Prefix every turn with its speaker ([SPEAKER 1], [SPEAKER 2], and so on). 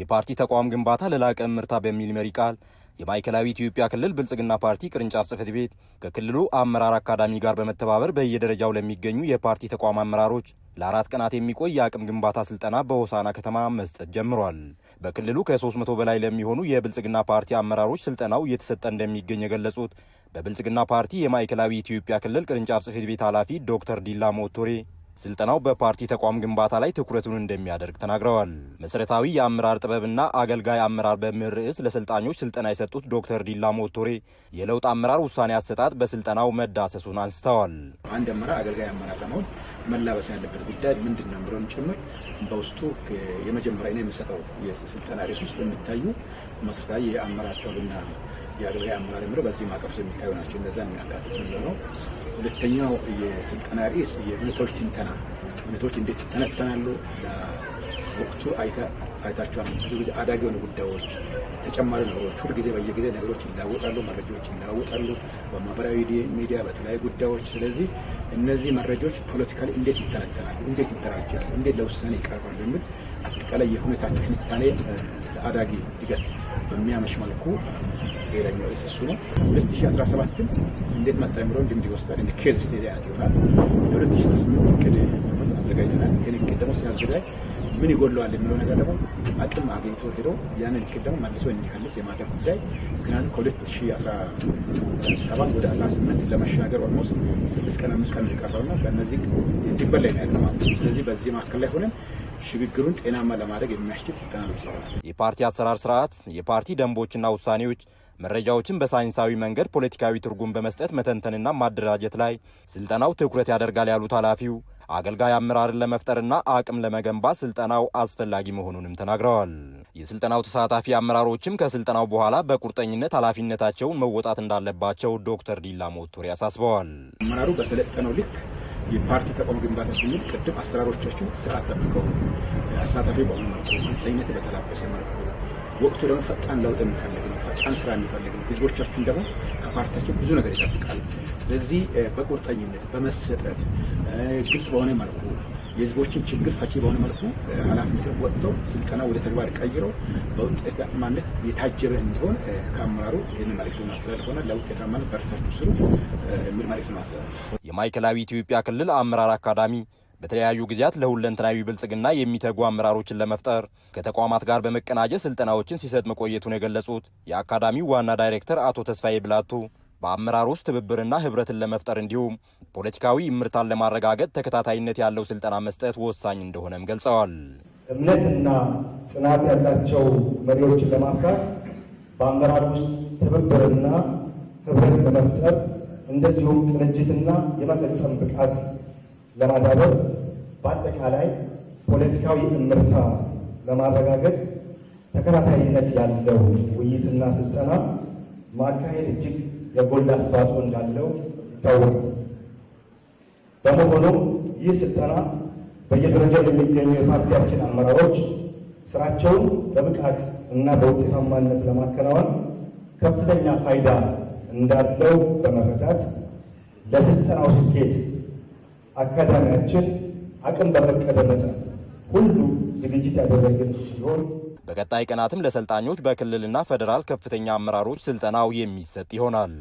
[SPEAKER 1] የፓርቲ ተቋም ግንባታ ለላቀ ምርታ በሚል መሪ ቃል የማዕከላዊ ኢትዮጵያ ክልል ብልጽግና ፓርቲ ቅርንጫፍ ጽህፈት ቤት ከክልሉ አመራር አካዳሚ ጋር በመተባበር በየደረጃው ለሚገኙ የፓርቲ ተቋም አመራሮች ለአራት ቀናት የሚቆይ የአቅም ግንባታ ስልጠና በሆሳና ከተማ መስጠት ጀምሯል። በክልሉ ከ300 በላይ ለሚሆኑ የብልጽግና ፓርቲ አመራሮች ስልጠናው እየተሰጠ እንደሚገኝ የገለጹት በብልጽግና ፓርቲ የማዕከላዊ ኢትዮጵያ ክልል ቅርንጫፍ ጽህፈት ቤት ኃላፊ ዶክተር ዲላ ሞቶሬ ስልጠናው በፓርቲ ተቋም ግንባታ ላይ ትኩረቱን እንደሚያደርግ ተናግረዋል። መሰረታዊ የአመራር ጥበብና አገልጋይ አመራር በሚል ርዕስ ለሰልጣኞች ስልጠና የሰጡት ዶክተር ዲላ ሞቶሬ የለውጥ አመራር ውሳኔ አሰጣጥ በስልጠናው መዳሰሱን አንስተዋል።
[SPEAKER 2] አንድ አመራር አገልጋይ አመራር ለመሆን መላበስ ያለበት ጉዳይ ምንድን ነው ብለን ጭምር በውስጡ የመጀመሪያ ነው የሚሰጠው የስልጠና ርዕስ ውስጥ የሚታዩ መሰረታዊ የአመራር ጥበብና የአገልጋይ አመራር የምለው በዚህ ማቀፍ የሚታዩ ናቸው። እነዛ የሚያካትት ነው ሁለተኛው የስልጠና ርዕስ የሁኔታዎች ትንተና፣ እውነታዎች እንዴት ይተነተናሉ? ወቅቱ አይታችኋል። ብዙ ጊዜ አዳጊ የሆኑ ጉዳዮች፣ ተጨማሪ ነገሮች፣ ሁልጊዜ በየጊዜ ነገሮች ይለወጣሉ፣ መረጃዎች ይለወጣሉ፣ በማህበራዊ ሚዲያ፣ በተለያዩ ጉዳዮች። ስለዚህ እነዚህ መረጃዎች ፖለቲካል እንዴት ይተነተናሉ? እንዴት ይደራጃሉ? እንዴት ለውሳኔ ይቀርባሉ? የሚል አጠቃላይ የሁኔታ ትንታኔ አዳጊ እድገት በሚያመች መልኩ ሌላኛው ኤስ እሱ ነው። እንዴት መጣ የሚለው እንዲወስዳል እንደ ኬዝ ስቴዲ ይሆናል። የ2018 እቅድ አዘጋጅተናል። ይህን እቅድ ደግሞ ሲያዘጋጅ ምን ይጎለዋል የሚለው ነገር ደግሞ አቅም አግኝቶ ሄዶ ያንን እቅድ ደግሞ መልሶ እንዲከልስ የማድረግ ጉዳይ ምክንያቱም ከ2017 ወደ 18 ለመሻገር ኦልሞስት ስድስት ቀን አምስት ቀን የቀረውና በእነዚህ ድንበር ላይ ነው ያለ ማለት ነው። ስለዚህ በዚህ መካከል ላይ ሆነን ሽግግሩን ጤናማ ለማድረግ የሚያስችል ስልጠና መስራት፣
[SPEAKER 1] የፓርቲ አሰራር ስርዓት፣ የፓርቲ ደንቦችና ውሳኔዎች መረጃዎችን በሳይንሳዊ መንገድ ፖለቲካዊ ትርጉም በመስጠት መተንተንና ማደራጀት ላይ ስልጠናው ትኩረት ያደርጋል ያሉት ኃላፊው አገልጋይ አመራርን ለመፍጠርና አቅም ለመገንባት ስልጠናው አስፈላጊ መሆኑንም ተናግረዋል። የስልጠናው ተሳታፊ አመራሮችም ከስልጠናው በኋላ በቁርጠኝነት ኃላፊነታቸውን መወጣት እንዳለባቸው ዶክተር ዲላ ሞቶሪ አሳስበዋል።
[SPEAKER 2] አመራሩ በሰለጠነው ልክ የፓርቲ ተቋም ግንባታ ስንል ቅድም አሰራሮቻችን ስርዓት ጠብቀው አሳታፊ በሆነ መልኩ ግልጸኝነት በተላበሰ መልኩ ወቅቱ ደግሞ ፈጣን ለውጥ የሚፈልግ ነው፣ ፈጣን ስራ የሚፈልግ ነው። ህዝቦቻችን ደግሞ ከፓርቲያችን ብዙ ነገር ይጠብቃል። ስለዚህ በቁርጠኝነት በመሰጠት ግልጽ በሆነ መልኩ የህዝቦችን ችግር ፈቺ በሆነ መልኩ ኃላፊነትን ወጥተው ስልጠና ወደ ተግባር ቀይረው በውጤታማነት የታጀበ እንዲሆን ከአመራሩ ይህን መልዕክት ማስተላለፍ ሆነ ለውጤታማነት በርታችሁ ስሩ የሚል መልዕክት ማስተላለፍ
[SPEAKER 1] የማዕከላዊ ኢትዮጵያ ክልል አመራር አካዳሚ በተለያዩ ጊዜያት ለሁለንተናዊ ብልጽግና የሚተጉ አመራሮችን ለመፍጠር ከተቋማት ጋር በመቀናጀት ስልጠናዎችን ሲሰጥ መቆየቱን የገለጹት የአካዳሚው ዋና ዳይሬክተር አቶ ተስፋዬ ብላቱ በአመራር ውስጥ ትብብርና ህብረትን ለመፍጠር እንዲሁም ፖለቲካዊ እምርታን ለማረጋገጥ ተከታታይነት ያለው ስልጠና መስጠት ወሳኝ እንደሆነም ገልጸዋል።
[SPEAKER 3] እምነትና ጽናት ያላቸው መሪዎችን ለማፍራት በአመራር ውስጥ ትብብርና ህብረት ለመፍጠር እንደዚሁም ቅንጅትና የመፈጸም ብቃት ለማዳበር በአጠቃላይ ፖለቲካዊ እምርታ ለማረጋገጥ ተከታታይነት ያለው ውይይትና ስልጠና ማካሄድ እጅግ የጎላ አስተዋጽኦ እንዳለው ይታወቃል። በመሆኑም ይህ ስልጠና በየደረጃው የሚገኙ የፓርቲያችን አመራሮች ስራቸውን በብቃት እና በውጤታማነት ለማከናወን ከፍተኛ ፋይዳ እንዳለው በመረዳት ለስልጠናው ስኬት አካዳሚያችን አቅም በፈቀደ መጠን ሁሉ ዝግጅት ያደረግን ሲሆን
[SPEAKER 1] በቀጣይ ቀናትም ለሰልጣኞች በክልልና ፌዴራል ከፍተኛ አመራሮች ስልጠናው የሚሰጥ ይሆናል።